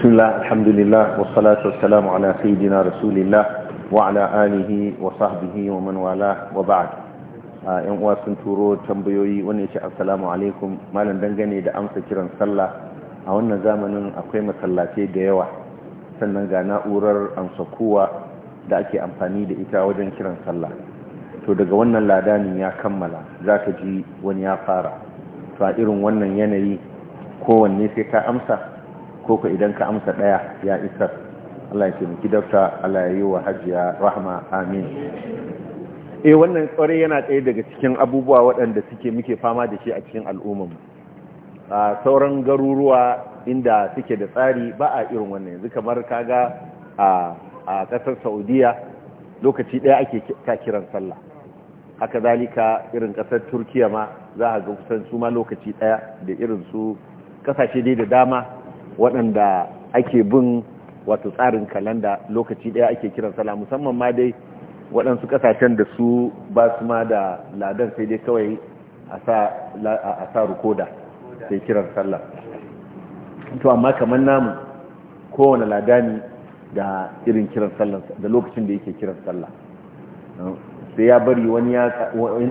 بسم الله الحمد لله والصلاة والسلام على سيدنا رسول الله وعلى آله وصحبه ومن والاه وبعد yan uwa sun turo tambayoyi wannan shi assalamu alaikum malam dangane da amsa kiran sallah a wannan zamanin akwai masallatai da yawa sannan ga na'urar amsa kowa da ake amfani da ita wajen kiran sallah to daga wannan ladanin ya kammala za ka ji wani ya fara to a irin wannan yanayi kowanne sai ka amsa ko idan ka amsa ɗaya ya isa Allah ya taimaki dafta Allah ya yi wa hajiya rahma amin eh wannan tsare yana ɗaya daga cikin abubuwa waɗanda suke muke fama da shi a cikin al'ummar a sauran garuruwa inda suke da tsari ba a irin wannan yanzu kamar kaga a a ƙasar saudiya lokaci ɗaya ake ka kiran sallah haka zalika irin ƙasar turkiya ma za a ga kusan su ma lokaci ɗaya da irin su ƙasashe dai da dama waɗanda ake bin wato tsarin kalanda lokaci ɗaya ake kiran sallah musamman ma dai waɗansu ƙasashen da su ba su ma da ladan sai dai kawai a sa rukoda sai kiran sallah to amma kamar namu kowane ladani da irin kiran sallah da lokacin da yake kiran sallah sai ya bari wani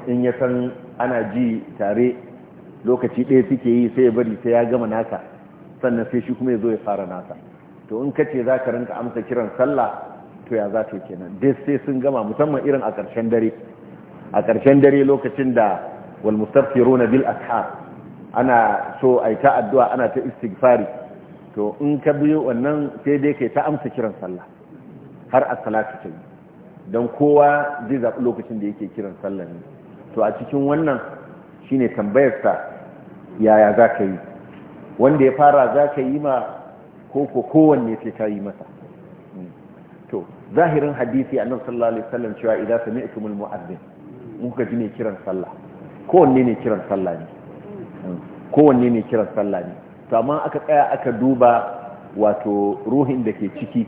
in ya san ana ji tare lokaci ɗaya suke yi sai ya bari sai ya gama naka sannan sai shi kuma ya zo ya fara nasa to in ka ce za ka rinka amsa kiran sallah to ya za ta yi kenan dai sai sun gama musamman irin a ƙarshen dare a ƙarshen dare lokacin da wal rona bil ashar ana so ai ta addu'a ana ta istighfari to in ka biyo wannan sai dai kai ta amsa kiran sallah har a salatu ta yi dan kowa zai zaɓi lokacin da yake kiran sallah ne to a cikin wannan shine tambayar sa yaya za ka yi wanda ya fara za ka yi ma ko ko kowanne sai ka yi masa to zahirin hadisi nan sallallahu alaihi wasallam cewa idza sami'tumul mu'adhdhin in muka ji ne kiran sallah kowanne ne kiran sallah ne kowanne ne kiran sallah ne to amma aka tsaya aka duba wato ruhin da ke ciki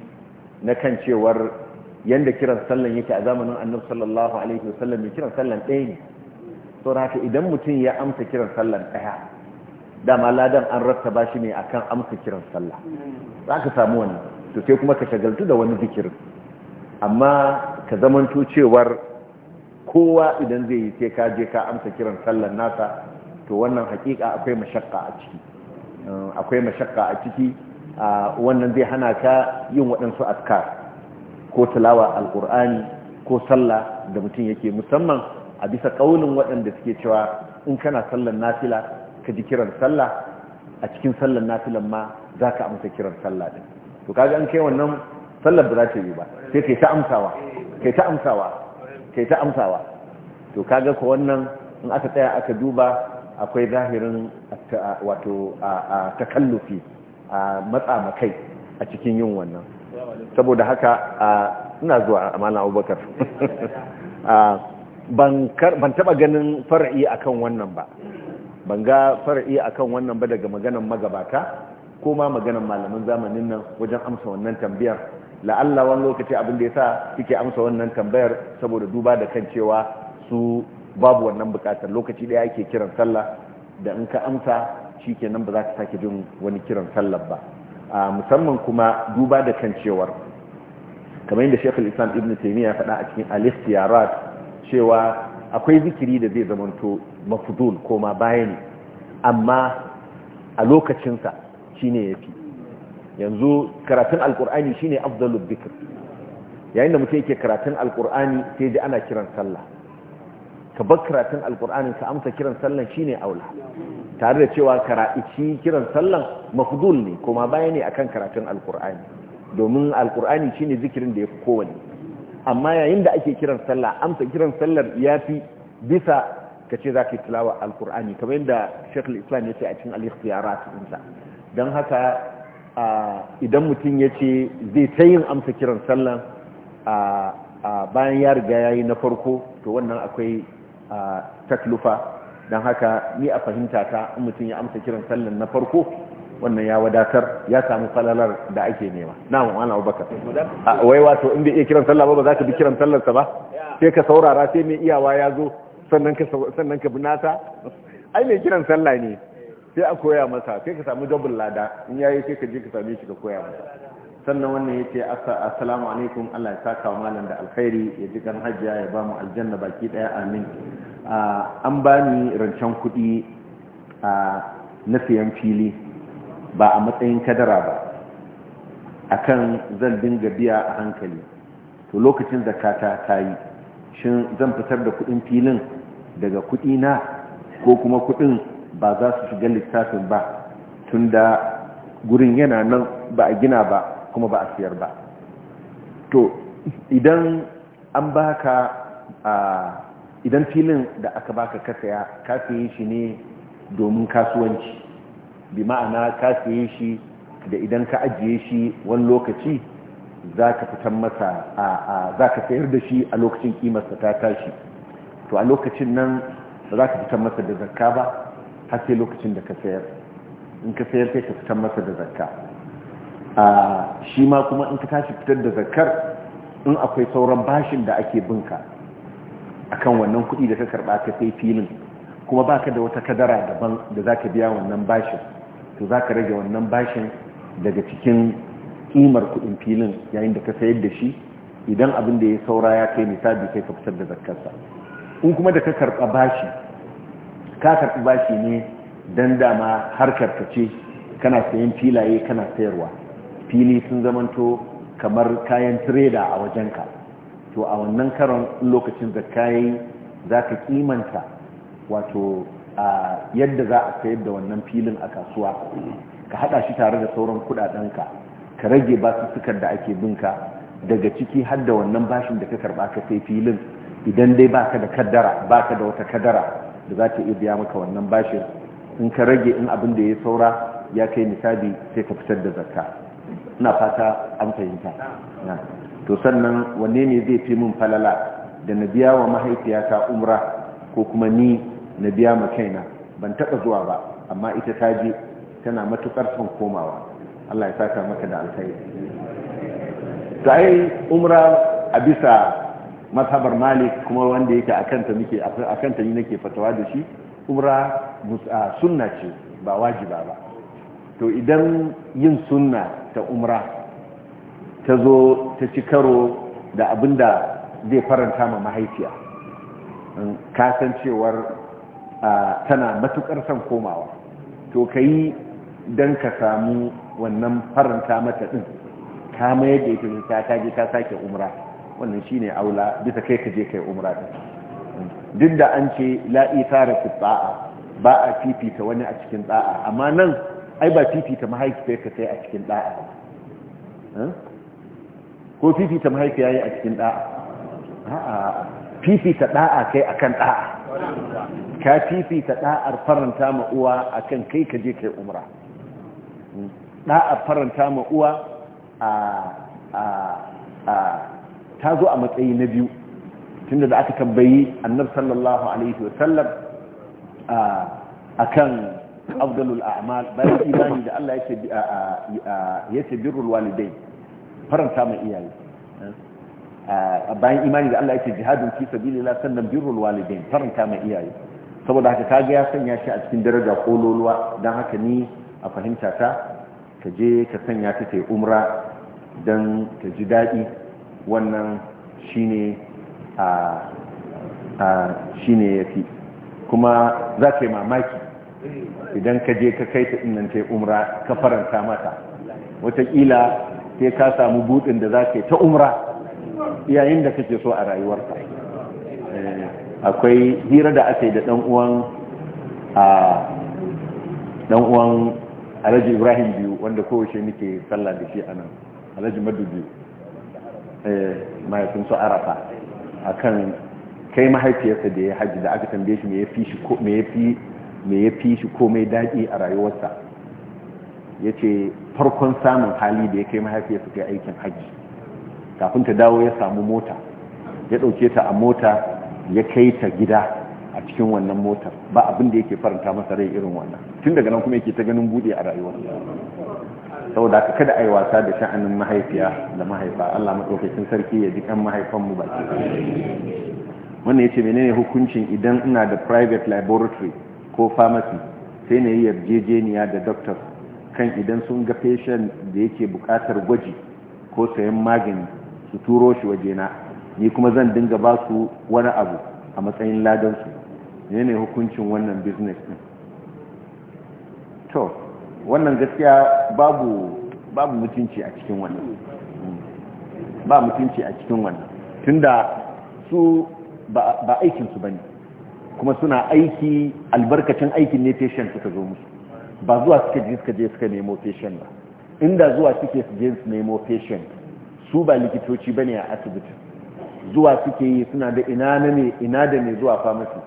na kan cewar yanda kiran sallan yake a zamanin annabi sallallahu alaihi wasallam kiran sallan ɗaya ne to haka idan mutum ya amsa kiran sallan ɗaya dama ladan an ba shi ne akan amsa kiran sallah za ka samu wani to sai kuma ka shagaltu da wani zikirin amma ka zamanto cewar kowa idan zai yi sai ka je ka amsa kiran sallah nasa to wannan hakika akwai mashakka a ciki eh, akwai mashakka a ciki wannan zai hana ka yin waɗansu askar ko talawa alkur'ani ko sallah da mutum yake musamman a bisa ƙaunin waɗanda suke cewa in kana sallar nafila ka ji kiran sallah a cikin sallar nafilan ma za ka amsa kiran sallah ɗin to kaji an kai wannan sallar ba za ta yi ba sai kai ta amsawa kai ta amsawa kai ta amsawa to kaga ko wannan in aka tsaya aka duba akwai zahirin wato a takallufi a matsa makai a cikin yin wannan saboda haka ina zuwa amana abubakar ban taba ganin fara'i a kan wannan ba ban ga far'i akan wannan ba daga maganan magabata ko ma maganan malaman zamanin nan wajen amsa wannan tambayar la'alla wani lokaci abin da ya sa suke amsa wannan tambayar saboda duba da kan cewa su babu wannan bukatar lokaci daya ake kiran sallah da in ka amsa shikenan ba za ka sake jin wani kiran sallah ba A musamman kuma duba da kan cewar kamar yadda Sheikh Al-Islam Ibn Taymiyyah faɗa a cikin Al-Ikhtiyarat cewa akwai zikiri da zai zamanto mafudul koma baya ne amma a lokacinsa shine yafi yanzu karatun alkur'ani shine afdalul Bikir yayin da mutum yake karatun alkur'ani sai dai ana kiran sallah ka bar karatun alkur'anin ka amsa kiran sallah shine aula tare da cewa karaici kiran sallah mafudul ne koma baya ne akan karatun alkur'ani domin alkur'ani shine zikirin da yafi kowanne amma yayin da ake kiran sallah amsa kiran sallar ya fi bisa ka ce za ka yi tilawa alkur'ani kamar yadda shekul islam ya ce a cikin al-ikhtiyarat insa don haka idan mutum ya ce zai ta yin amsa kiran sallah bayan ya riga ya yi na farko to wannan akwai taklufa don haka ni a fahimta ta mutum ya amsa kiran sallar na farko wannan ya wadatar ya samu falalar da ake nema na ma'ana abubakar wai wato inda iya kiran sallah ba ba za ka bi kiran sallarsa ba sai ka saurara sai mai iyawa ya zo sannan ka binata ai mai kiran sallah ne sai a koya masa sai ka samu jabin lada in yayi sai ka je ka same shi ka koya masa sannan wannan ya ce assalamu alaikum Allah ya saka wa malam da alkhairi ya ji kan hajjiya ya ba mu aljanna baki daya amin an ba ni rancen kuɗi na siyan fili ba a matsayin kadara ba kan zan dinga biya a hankali to lokacin zakata ta yi shin zan fitar da kudin filin daga kuɗi na ko kuma kudin ba za su shiga littafin ba tun da gurin yana nan ba a gina ba kuma ba a siyar ba to idan an baka a idan filin da aka baka ka saya kafin yi shi ne domin kasuwanci bi ma'ana ka saye shi da idan ka ajiye shi wani lokaci za ka fitan masa za ka sayar da shi a lokacin kimarsa ta tashi to a lokacin nan ba za ka fitan masa da zakka ba har sai lokacin da ka sayar in ka sayar sai ka fitan masa da zakka shi ma kuma in ka tashi fitar da zakkar in akwai sauran bashin da ake binka kan wannan kuɗi da ka karɓa ka sai filin kuma ba ka da wata kadara daban da za ka biya wannan bashin to za ka rage wannan bashin daga cikin kimar kudin filin yayin da ka sayar da shi idan abin da ya saura ya kai misali kai ka fitar da zakkarsa in kuma da ka karɓa bashi ka karɓi bashi ne don dama harkar ka ce kana sayan filaye kana sayarwa fili sun zamanto kamar kayan tireda a wajen ka to a wannan karon lokacin da za ka kimanta wato a yadda za a sayar da wannan filin a kasuwa ka hada shi tare da sauran kudadenka ka rage basussukar da ake binka daga ciki har da wannan bashin da ka karba ka sai filin idan dai baka da kaddara baka da wata kaddara da za ta iya biya maka wannan bashin in ka rage in abin da ya saura ya kai misali sai ka fitar da zakka ina fata an fahimta to sannan wanne ne zai fi min falala da na biya wa mahaifiyata umra ko kuma ni na biya ma kaina ban taɓa zuwa ba amma ita ta je tana matuƙar son komawa Allah ya saka maka da alkhairi ta yi umra a bisa mazhabar malik kuma wanda yake akanta muke akanta ni nake fatawa da shi umra mus'a sunna ce ba wajiba ba to idan yin sunna ta umra ta zo ta ci karo da abinda zai faranta ma mahaifiya kasancewar tana matukar son komawa to ka yi don ka samu wannan faranta mata ɗin ka mayar da ita ta ta je ta sake umra wannan shi ne aula bisa kai ka je kai umra ta duk da an ce la'i tara fi tsa'a ba a fifita wani a cikin tsa'a amma nan ai ba fifita mahaifiyar ka sai a cikin tsa'a ko fifita mahaifiya yi a cikin tsa'a a'a fifita tsa'a kai akan tsa'a ka fifita da'ar faranta ma uwa akan kai ka je kai umra da'ar faranta ma uwa ta zo a matsayi na biyu tunda da aka tambayi annab sallallahu alaihi wasallam akan afdalul a'mal bayan imani da Allah yace yace birrul walidai, faranta ma iyaye bayan imani da Allah yake jihadin fi sabilillah sannan birrul walidain faranta mai iyaye saboda haka kaga ya sanya shi a cikin daraja kololuwa dan haka ni a fahimta ta ka je ka sanya ta kai umra dan ka ji daɗi wannan shine a a shine yafi kuma za ka yi mamaki idan ka je ka kai ta dinnan kai umra ka faranta mata wataƙila sai ka samu budin da za ka yi ta umra yayin da kake so a rayuwarka eh, akwai hira da aka yi da ɗan'uwan uwan alhaji ibrahim biyu wanda kowace nike sallah da shi a nan alhaji madu biyu eh, mahaifin su arafa a kan kai mahaifiyarsa da ya hajji da aka tambaye shi me ya fi shi komai daɗi a rayuwarsa ya ce farkon samun hali da ya kai mahaifiyarsa kai aikin hajji kafin ta dawo ya samu mota ya ɗauke ta a mota ya kai ta gida a cikin wannan motar ba abin da yake faranta masa rai irin wannan tun daga nan kuma yake ta ganin buɗe a rayuwar saboda haka kada a yi wasa da sha'anin mahaifiya da mahaifa Allah maɗaukakin sarki ya ji kan mahaifanmu ba wannan yace menene hukuncin idan ina da private laboratory ko pharmacy sai na yi yarjejeniya da doctor kan idan sun ga patient da yake buƙatar gwaji ko sayan magani su turo shi wajena ni kuma zan dinga ba su wani abu a matsayin ladansu ne ne hukuncin wannan business din to wannan gaskiya babu babu mutunci a cikin wannan hmm. ba mutunci a cikin wannan tunda su ba aikinsu ba ne kuma suna aiki albarkacin aikin ne patient suka zo musu ba zuwa suka je suka je suka nemo patient ba inda zuwa suke su je su nemo patient su ba likitoci ba ne a asibitin zuwa suke yi suna da ina ne ina da ne zuwa pharmacy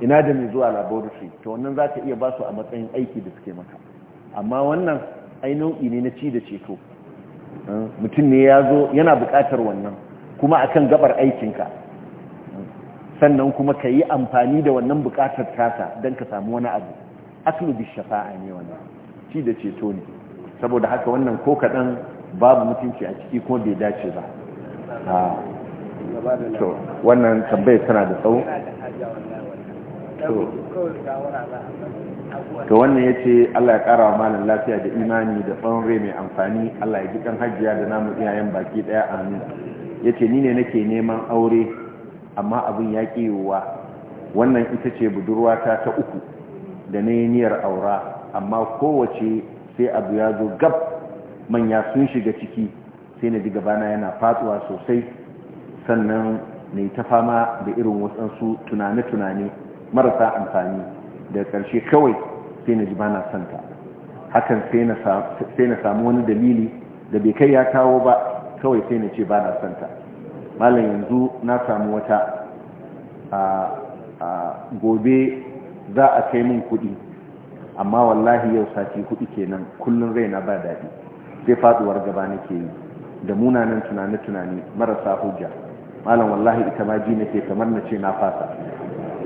ina da ne zuwa laboratory to wannan za ka iya ba su a matsayin aiki da suke maka amma wannan ai ne na ci da ceto eh, mutum ne ya zo yana bukatar wannan kuma akan gabar aikinka sannan kuma ka yi amfani da wannan bukatar tasa don ka samu wani abu aklu shafa'a ne wannan ci da ceto ne saboda haka wannan ko kaɗan babu mutunci a ciki ko bai dace ba to wannan tambayar tana da tsawo to wannan ya ce allah ya kara wa malin lafiya da imani da tsawon mai amfani allah ya ji kan hajjiya da namun iyayen baki daya amin ya ce ni ne nake neman aure amma abin ya wannan ita ce budurwata ta uku da na yi niyyar aura amma kowace sai abu ya zo gab manya sun shiga ciki sai na ji gabana yana fatsuwa sosai sannan na ta fama da irin wasansu tunane-tunane marasa amfani da ƙarshe kawai sai na ji ba na santa hakan sai na samu wani dalili da bai kai ya kawo ba kawai sai na ce ba na santa malam yanzu na samu wata a gobe za a kai min kuɗi amma wallahi yau sati kuɗi kenan kullum na ba daɗi sai faduwar gaba nake yi da munanan tunani tunani marasa hujja malam wallahi ita ma ji nake kamar na ce na fasa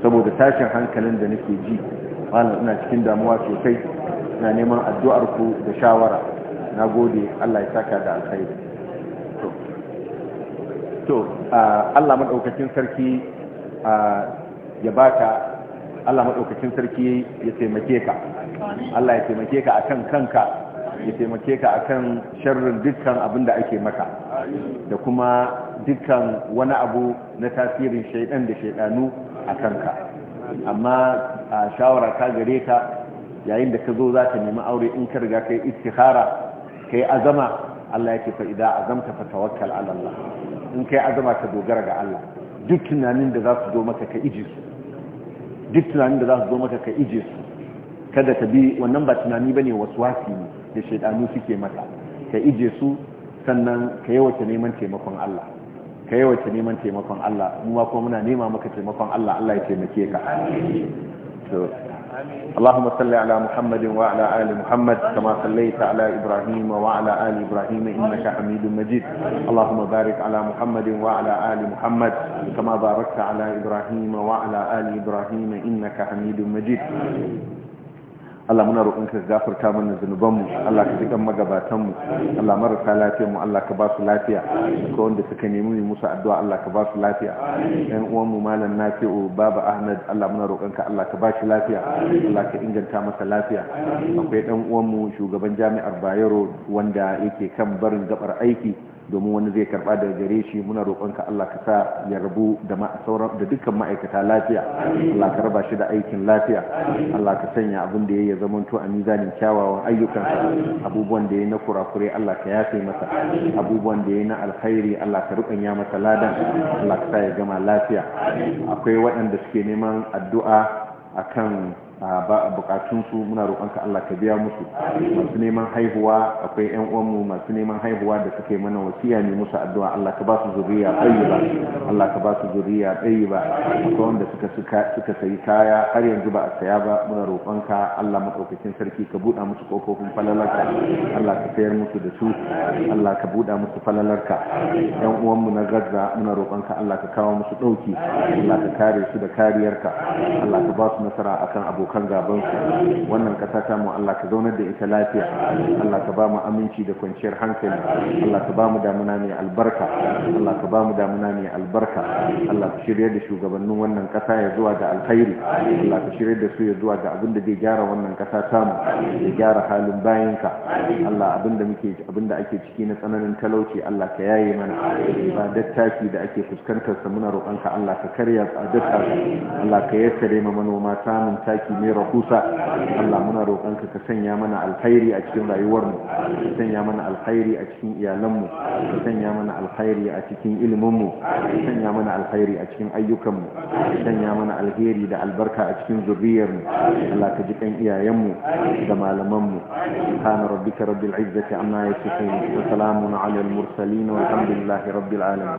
saboda tashin hankalin da nake ji malam ina cikin damuwa sosai na neman addu'ar ku da shawara na gode Allah ya saka da alkhairi to Allah madaukakin sarki ya baka Allah madaukakin sarki ya taimake ka Allah ya taimake ka akan kanka ya taimake ka akan sharrin dukkan abin da ake maka da kuma dukkan wani abu na tasirin shaidan da shaidanu a kanka amma a shawara ta gare ka yayin da ka zo za ka nemi aure in ka riga kai istihara kai azama Allah ya ce fa idan azamta fa tawakkal ala Allah in kai azama ka dogara ga Allah duk tunanin da za su zo maka ka ije su duk tunanin da za su zo maka ka ije su kada ka bi wannan ba tunani bane waswasi ne da shaidanu suke mata ka ije su sannan ka yawaita neman taimakon Allah ka yawaita neman taimakon Allah mu ma kuma muna nema maka taimakon Allah Allah ya taimake ka to اللهم صل على محمد وعلى آل محمد كما صليت على إبراهيم وعلى آل إبراهيم إنك حميد مجيد اللهم بارك على محمد وعلى آل محمد كما باركت على إبراهيم وعلى آل إبراهيم إنك حميد مجيد Allah muna roƙon ka gafarta mana zunubanmu Allah ka jikan magabatanmu Allah marasa lafiyar mu Allah ka ba su lafiya ko wanda suka nemi mu musu addu'a Allah ka ba su lafiya ɗan uwan mu malam Nafi'u baba Ahmad Allah muna roƙon ka Allah ka ba shi lafiya Allah ka inganta masa lafiya akwai ɗan uwan mu shugaban jami'ar Bayero wanda yake kan barin gabar aiki domin wani zai karba daga gare shi muna roƙonka Allah ka sa ya rabu da sauran da dukkan ma'aikata lafiya Allah ka raba shi da aikin lafiya Allah ka sanya abin da yayi ya zamanto a mizanin kyawawan ayyukansa abubuwan da yayi na kurakure Allah ka yafe masa abubuwan da yayi na alkhairi Allah ka rubanya masa ladan Allah ka sa ya gama lafiya akwai waɗanda suke neman addu'a akan ba a bukatunsu muna roƙonka Allah ka biya musu masu neman haihuwa akwai ƴan uwanmu masu neman haihuwa da suke mana wasiya ne musu addu'a Allah ka ba su zuriya tayyiba Allah ka ba su zuriya tayyiba akwai wanda suka suka sayi kaya har yanzu ba a saya ba muna roƙonka Allah madaukakin sarki ka buɗa musu kofofin falalarka Allah ka sayar musu da su Allah ka buɗa musu falalarka ƴan uwanmu na Gaza muna roƙonka Allah ka kawo musu ɗauki Allah ka kare su da kariyarka Allah ka ba su nasara akan abu abokan gabansu wannan ƙasa ta mu Allah ka zaunar da ita lafiya Allah ka ba mu aminci da kwanciyar hankali Allah ka ba mu damuna mai albarka Allah ka ba mu damuna mai albarka Allah ka shirya da shugabannin wannan ƙasa ya zuwa da alkhairi Allah ka shirya da su ya zuwa da abin da zai gyara wannan ƙasa ta mu ya gyara halin bayanka Allah abin da muke abin da ake ciki na tsananin talauci Allah ka yaye mana ibadar taki da ake fuskantar sa muna roƙonka Allah ka karya tsadarta Allah ka yassare ma manoma samun taki musulmi rahusa Allah muna roƙonka ka sanya mana alkhairi a cikin rayuwarmu ka sanya mana alkhairi a cikin iyalanmu ka sanya mana alkhairi a cikin iliminmu ka sanya mana alkhairi a cikin ayyukanmu ka sanya mana alheri da albarka a cikin zurriyarmu Allah ka ji kan iyayenmu da malamanmu subhana rabbika rabbil izzati amma yasifun wa salamun ala al mursalin walhamdulillahi rabbil